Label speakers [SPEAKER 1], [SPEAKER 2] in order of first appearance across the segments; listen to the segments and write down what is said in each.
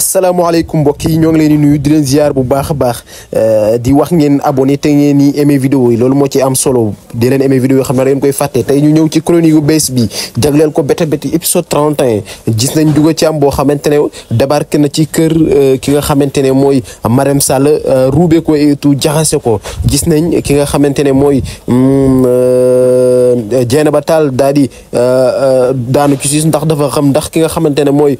[SPEAKER 1] asalaamaaleykum mbokk yi ñoo ngi leen di nuyu di leen ziar bu baax a baax euh, di wax ngeen abonné te ngeen ni aimé vidéo yi loolu moo ci am solo di leen aimé vidéo yi xam ne da ngeen koy fàtte tey ñu ñëw ci chronique yu bees bi jagleel ko Bété Bété épisode 31 gis nañ Douga Thiam boo xamante ne débarqué na ci kër euh, ki nga xamante ne mooy Marème Sall euh, ruube ko jaxase ko gis nañ ki nga xamante ne mooy mm, Dieynaba Tall daal di daanu ci siis ndax dafa xam ndax ki nga xamante ne mooy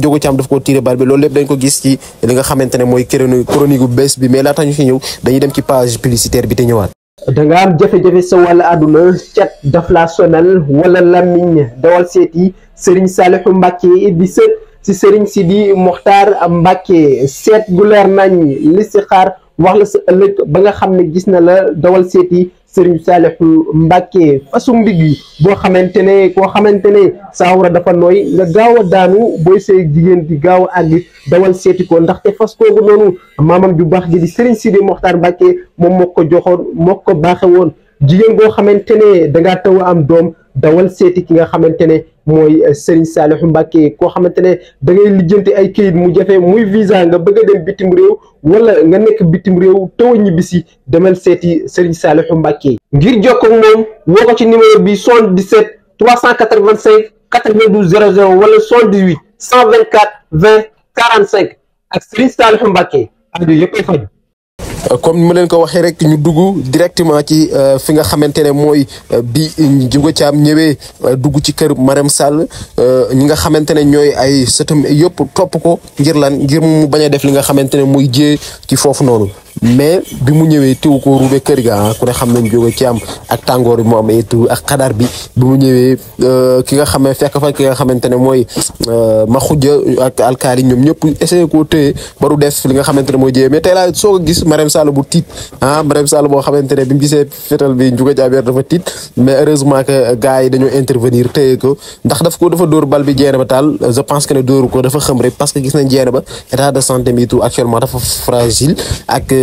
[SPEAKER 1] Douga mm, Thiam daf ko tiré bal loolu lépp dañ ko gis ci li nga xamante ne mooy chronique bu bees bi mais laata ñu fi ñëw dañuy dem ci page publicitaire bi te ñëwaat. da nga am jafe-jafe sa wala àdduna cat daf laa sonal wala lamiñ dawal seeti Serigne Salifou Mbacké di sët si Serigne Sidi Mokhtar Mbacké seet gu leer nañ li si xaar wax la sa ëllëg ba nga xam ne gis na la dawal seeti. Serigne Saliou Mbacke fasu ndig boo xamante ne koo xamante ne saawara dafa nooy nga gaaw a daanu booy say jigéen di gaaw a àgg dawal seeti ko ndaxte fas koogu noonu maamam ju baax gi di Serigne Sidi Mokhtar Mbacke moom moo ko joxoon mook ko baaxe woon jigéen boo xamante ne dangaa taw a am doom dawal seeti ki nga xamante ne mooy eh, Serigne Saliou Mbacké koo xamante ne da ngay lijjanti ay kayit mu jafe muy visa nga bëgg a dem bitim réew wala nga nekk bitim réew taw a ñibbisi demal seeti Serigne Saliou Mbacké. ngir jokkoo ak moom woo ko ci numéro bi 77 385 92 00 wala 78 124 20 45 ak Serigne Saliou Mbacké aju yëpp faj. comme ni ma leen ko waxee rek ñu dugg directement ci euh, fi nga xamante ne mooy euh, bi Djigo Thiam ñëwee euh, dugg ci kër Marème Sall ñi nga xamante ne ñooy ay sëtam yëpp topp ko ngir lan ngir mu bañ a def li nga xamante ne muy jiyee ci foofu noonu. mais bi mu ñëwee teew ko ruube kër ga ku ne xam nañ jóge ci am ak tàngoor bi mu am et bi bi mu ñëwee euh, ki nga xam ne fekk fa ki nga xamante ne mooy euh, ma xujja ak alkaali ñoom ñëpp essayé koo téye baru def li nga xamante ne mooy jéyee mais tey laa soo ko gis Marème Sall bu tiit ah Marème Sall boo xamante ne bi mu gisee fetal bi njuga jaabeer dafa tiit mais heureusement que gars yi dañoo intervenir téye ko ndax daf ko dafa dóor bal bi jeene ba taal je pense que ne ko dafa xam rek parce que gis nañ jeene ba état de santé bi tout actuellement dafa fragile ak